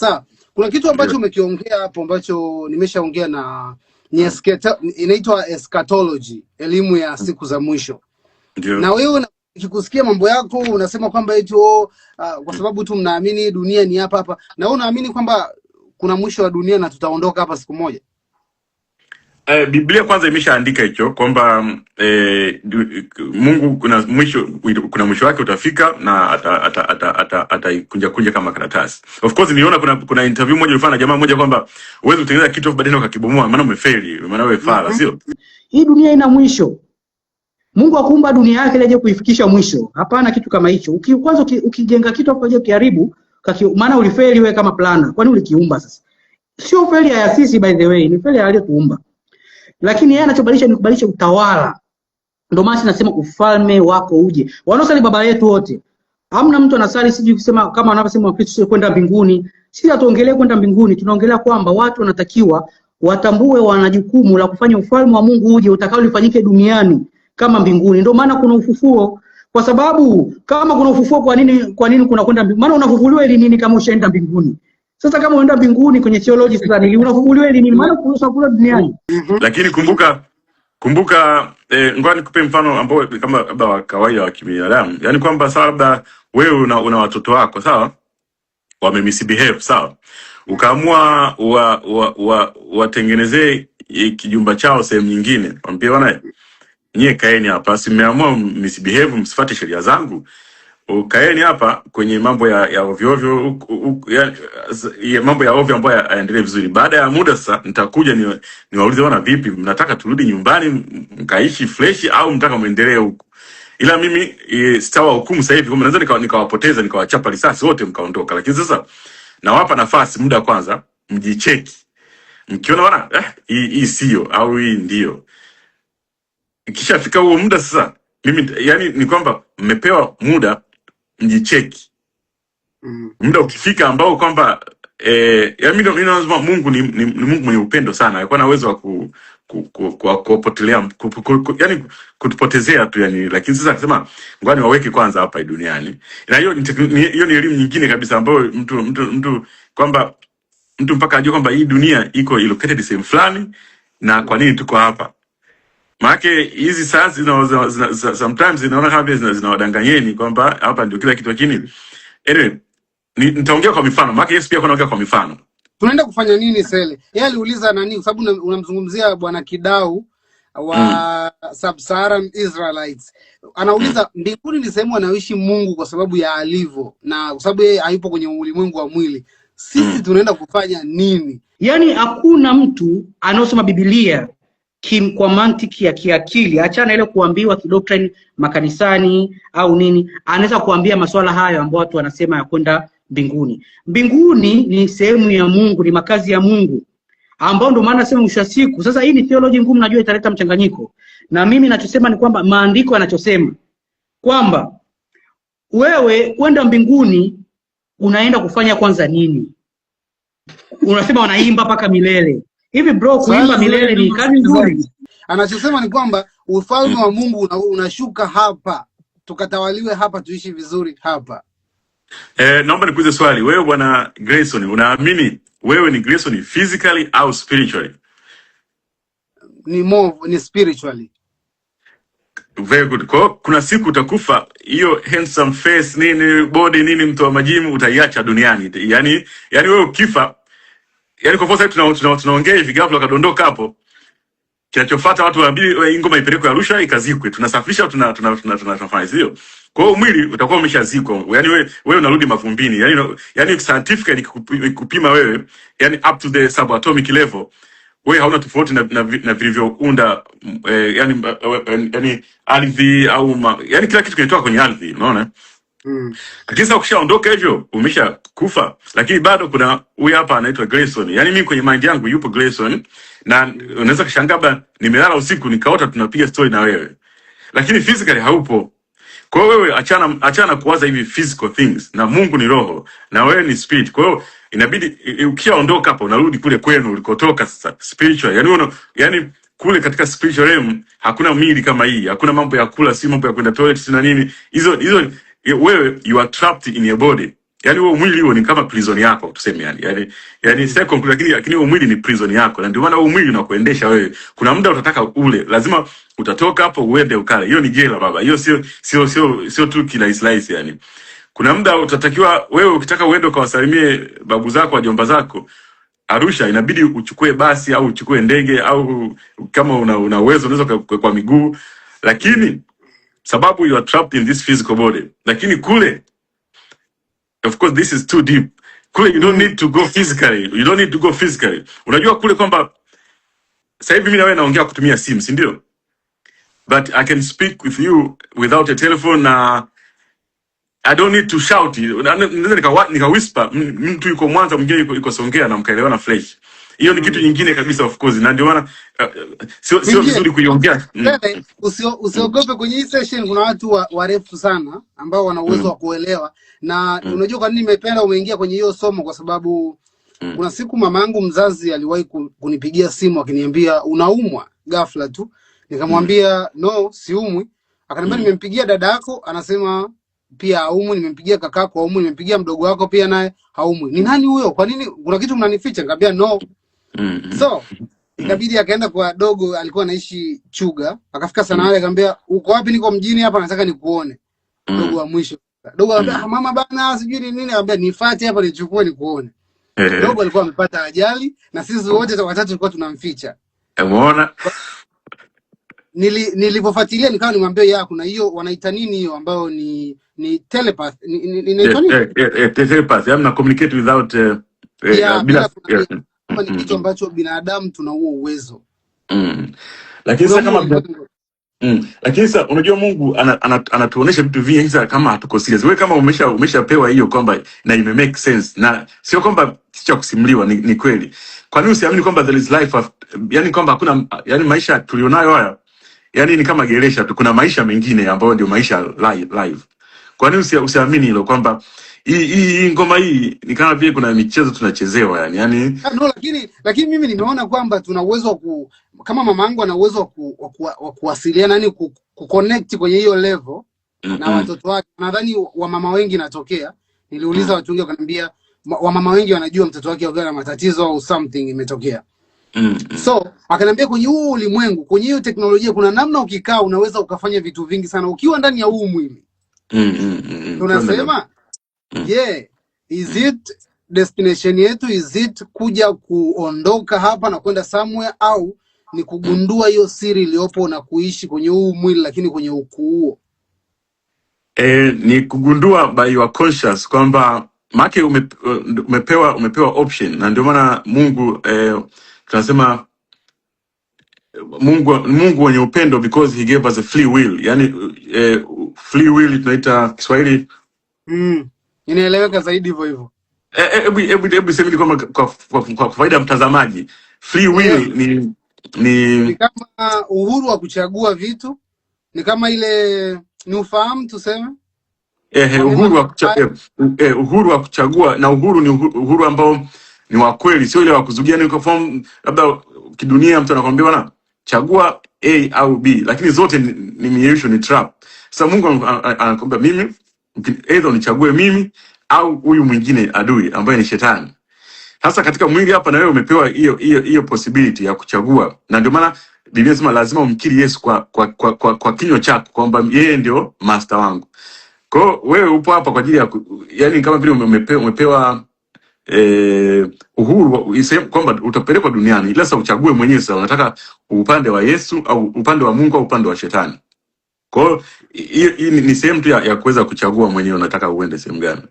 Sasa kuna kitu ambacho umekiongea hapo ambacho nimeshaongea na ni inaitwa eschatology, elimu ya siku za mwisho. Ndiyo. Na wewe ukikusikia mambo yako unasema kwamba eti oh, uh, kwa sababu tu mnaamini dunia ni hapa hapa, na wewe unaamini kwamba kuna mwisho wa dunia na tutaondoka hapa siku moja? eh, Biblia kwanza imeshaandika hicho kwamba eh, Mungu kuna mwisho, kuna mwisho wake utafika na ataikunja ata, ata, ata, ata, kunja kama karatasi. Of course niliona kuna, kuna interview moja ilifanya na jamaa mmoja kwamba uwezi kutengeneza kitu of baadaye ukakibomoa, maana umefeli, maana wewe fala, sio hii dunia ina mwisho. Mungu akuumba dunia yake aje kuifikisha mwisho. Hapana kitu kama hicho. Uki, kwanza uki, ukijenga kitu afu aje ukiharibu, maana ulifeli wewe kama plana. Kwani ulikiumba sasa? Sio feli ya sisi by the way, ni feli failure aliyotuumba lakini yeye anachobadilisha ni kubadilisha utawala. Ndio maana nasema ufalme wako uje. Wanaosali baba yetu wote, hamna mtu anasali sijui kusema kama wanavyosema Wakristo sio kwenda mbinguni. Sisi hatuongelee kwenda mbinguni, tunaongelea kwamba watu wanatakiwa watambue wana jukumu la kufanya ufalme wa Mungu uje utakao lifanyike duniani kama mbinguni. Ndio maana kuna ufufuo, kwa sababu kama kuna ufufuo, kwa nini kwa nini kuna kwenda mbinguni? Maana unafufuliwa ili nini kama ushaenda mbinguni? Sasa kama unaenda mbinguni kwenye theology sasa ni unafufuliwa elimu maana kuhusu kule duniani. Mm-hmm. Lakini kumbuka kumbuka eh, ngoja nikupe mfano ambao kama labda wa kawaida wa kibinadamu. Yaani kwamba sawa labda wewe una, una watoto wako sawa? Wame misbehave sawa? Ukaamua wa wa, wa, wa kijumba chao sehemu nyingine. Waambie bwana, nyie kaeni hapa, si mmeamua misbehave msifuate sheria zangu. Ukaeni hapa kwenye mambo ya ya ovyo ovyo, ya, ya mambo ya ovyo ambayo yaendelee vizuri. Baada ya muda sasa nitakuja ni, niwaulize wana, vipi mnataka turudi nyumbani mkaishi fresh au mtaka muendelee huko? Ila mimi e, sitawa hukumu sasa hivi kwa maana nika, nikawapoteza nikawachapa risasi wote mkaondoka, lakini sasa nawapa nafasi muda kwanza, mjicheki mkiona wana eh, hii hii sio au hii ndio, ikishafika huo muda sasa mimi yani ni kwamba mmepewa muda nijicheki mm. muda ukifika ambao kwamba eh, yaani ndio ninasema Mungu ni, ni, ni Mungu mwenye upendo sana, alikuwa na uwezo wa ku ku, ku, ku, ku, ku, ku, ku, yani kutupotezea tu yani, lakini sasa akasema ngoja waweke kwanza hapa duniani, na hiyo ni hiyo ni elimu nyingine kabisa ambayo mtu mtu mtu kwamba mtu mpaka ajue kwamba hii dunia iko located sehemu fulani na kwa nini tuko hapa Maake hizi saa zina, zina, zina, sometimes zinaona kama zina, zinawadanganyeni kwamba hapa ndio kila kitu lakini anyway nitaongea kwa mifano. Maake Yesu pia kunaongea kwa mifano. Tunaenda kufanya nini Sele? Yeye aliuliza nani kwa sababu unamzungumzia bwana Kidau wa mm. Sub-Saharan Israelites. Anauliza mbinguni mm. ni sehemu anayoishi Mungu kwa sababu ya alivyo na kwa sababu yeye hayupo kwenye ulimwengu wa mwili. Sisi mm. tunaenda kufanya nini? Yaani hakuna mtu anaosoma Biblia kim, kwa mantiki ya kiakili, achana ile kuambiwa kidoctrine makanisani au nini, anaweza kuambia masuala hayo ambayo watu wanasema ya kwenda mbinguni. Mbinguni ni sehemu ya Mungu, ni makazi ya Mungu ambao ndio maana nasema mwisho wa siku. Sasa hii ni theology ngumu, najua italeta mchanganyiko, na mimi nachosema ni kwamba maandiko yanachosema kwamba wewe kwenda mbinguni unaenda kufanya kwanza nini? Unasema wanaimba mpaka milele, Hivi bro, kuimba milele ni kazi nzuri. Anachosema ni kwamba ufalme wa Mungu unashuka una hapa, tukatawaliwe hapa, tuishi vizuri hapa. Eh, naomba nikuulize swali, wewe bwana Grayson, unaamini wewe ni Grayson physically au spiritually? Ni more, ni spiritually. Very good. Kwa kuna siku utakufa, hiyo handsome face nini body nini, mtu wa majimu utaiacha duniani. Yaani, yaani wewe ukifa yani kwa sasa tunaongea tuna, tuna hivi ghafla kadondoka hapo. Kinachofuata watu waambiwe hii ngoma ipelekwe Arusha ikazikwe. tunasafisha tuna tuna tuna tuna tunafanya hiyo. Kwa hiyo mwili utakuwa umeshazikwa. Yaani wewe wewe unarudi mavumbini. yani yani scientifically ikupima wewe, yani up to the subatomic level. Wewe hauna tofauti na na, na vilivyounda eh, yani eh, eh, yani ardhi au ma, yani kila kitu kinatoka kwenye ardhi, unaona? Mm. Giza ukishaondoka hivyo umesha kufa, lakini bado kuna huyu hapa anaitwa Grayson. Yaani mimi kwenye mind yangu yupo Grayson na unaweza kushangaa labda nimelala usiku nikaota tunapiga story na wewe. Lakini physically haupo. Kwa wewe achana achana kuwaza hivi physical things na Mungu ni roho na wewe ni spirit. Kwa hiyo inabidi ukishaondoka hapa unarudi kule kwenu ulikotoka sasa spiritual. Yaani uno, yaani kule katika spiritual realm hakuna mili kama hii, hakuna mambo ya kula, si mambo ya kwenda toilet na nini. Hizo hizo wewe you are trapped in your body. Yani huo mwili huo ni kama prison yako tuseme, yani yani yani second, lakini lakini huo mwili ni prison yako, na ndio maana huo mwili unakuendesha wewe. Kuna muda utataka ule, lazima utatoka hapo uende ukale. Hiyo ni jela baba, hiyo sio sio sio sio tu kila slice yani. Kuna muda utatakiwa wewe, ukitaka uende ukawasalimie babu zako, na jomba zako Arusha, inabidi uchukue basi au uchukue ndege au kama una uwezo unaweza kwa, kwa miguu lakini sababu you are trapped in this physical body, lakini kule of course this is too deep. Kule you don't need to go physically, you don't need to go physically. Unajua kule kwamba sasa hivi mimi na wewe naongea kutumia simu, si ndio? But I can speak with you without a telephone na I don't need to shout. Naweza nika nika whisper, mtu yuko Mwanza mwingine yuko Songea na mkaelewana fresh hiyo ni kitu nyingine kabisa, of course, na ndio maana uh, sio sio vizuri kuiongea. Mm. Usio, usiogope kwenye hii session kuna watu wa, warefu sana ambao wana uwezo mm. wa kuelewa na mm. unajua kwa nini nimependa umeingia kwenye hiyo somo kwa sababu mm. kuna siku mamangu mzazi aliwahi kunipigia simu akiniambia unaumwa ghafla tu, nikamwambia mm. no, siumwi. Akaniambia mm. nimempigia dada yako anasema pia haumwi, nimempigia kakako haumwi, nimempigia mdogo wako pia naye haumwi. Ni nani huyo? Kwa nini kuna kitu mnanificha? Nikamwambia no, mm -hmm. so ikabidi akaenda kwa dogo alikuwa anaishi Chuga, akafika sana wale akaambia uko wapi? Niko mjini hapa, nataka nikuone. Mm. Dogo wa mwisho, dogo akamwambia, mm. ah, mama bana, sijui ni nini. Akamwambia, nifuate hapa, nichukue nikuone. Eh. Dogo alikuwa amepata ajali, na sisi wote watatu tulikuwa tunamficha. Umeona, nili nikawa nimwambia, ya kuna hiyo wanaita nini hiyo ambayo ni ni telepath, inaitwa eh, nini? Eh, telepath, amna communicate without bila hapa ni kitu ambacho binadamu tuna huo uwezo mm. Lakini sasa kama Mm. Lakini sasa unajua Mungu anatuonesha ana, ana vitu vingi sasa kama hatuko serious. Wewe kama umesha umeshapewa hiyo kwamba na ime make sense na sio kwamba si cha kusimuliwa ni, ni kweli. Kwa nini usiamini kwamba there is life after, yani kwamba hakuna yani maisha tulionayo haya yani ni kama geresha tu kuna maisha mengine ambayo ndio maisha live. Kwa nini usiamini hilo kwamba hii hii ngoma hii ni kama vile kuna michezo tunachezewa yani. Yani ah, no, lakini lakini mimi nimeona kwamba tuna uwezo wa ku, kama mama yangu ana uwezo wa ku, wa kuwasiliana yani ku, ku connect kwenye hiyo level mm -mm. na watoto wake. Nadhani wa mama wengi natokea niliuliza mm -hmm. watu wengi wakaniambia mama wengi wanajua mtoto wake wakiwa na matatizo au something imetokea. Mm -hmm. So akaniambia kwenye huu ulimwengu, kwenye hiyo teknolojia kuna namna ukikaa unaweza ukafanya vitu vingi sana ukiwa ndani ya huu mwili. Mm -hmm. Tunasema Je, mm. yeah, is mm. it destination yetu, is it kuja kuondoka hapa na kwenda somewhere au ni kugundua mm. hiyo siri iliyopo na kuishi kwenye huu mwili lakini kwenye ukuu huo? E, ni kugundua by your conscious kwamba make ume, umepewa umepewa option na ndio maana Mungu eh, tunasema Mungu Mungu mwenye upendo because he gave us a free will. Yani eh, free will tunaita Kiswahili mm inaeleweka zaidi hivyo hivyo. Eh, eh, hebu hebu semeni kwamba kwa kwa, kwa, faida ya mtazamaji, free will yeah. ni ni ni kama uhuru wa kuchagua vitu, ni kama ile ni ufahamu tuseme, ehe, eh, uhuru wa kuchagua, eh, uhuru wa kuchagua na uhuru ni uhuru, uhuru ambao ni wa kweli, sio ile wa kuzugia. Ni kwa form labda kidunia, mtu anakuambia bwana, chagua A au B, lakini zote ni ni miisho, ni trap. Sasa Mungu anakuambia mimi Either nichague mimi au huyu mwingine adui ambaye ni shetani. Sasa katika mwili hapa na wewe umepewa hiyo hiyo hiyo possibility ya kuchagua. Na ndio maana Biblia inasema lazima umkiri Yesu kwa kwa kwa, kwa, kwa kinywa chako kwamba yeye ndio master wangu. Kwa hiyo wewe upo hapa kwa ajili ya yani kama vile umepewa, umepewa eh, uhuru kwamba utapelekwa duniani ila sasa uchague mwenyewe sasa unataka upande wa Yesu au upande wa Mungu au upande wa shetani. Kwa hiyo hii ni sehemu tu ya, ya kuweza kuchagua mwenyewe unataka uende sehemu gani.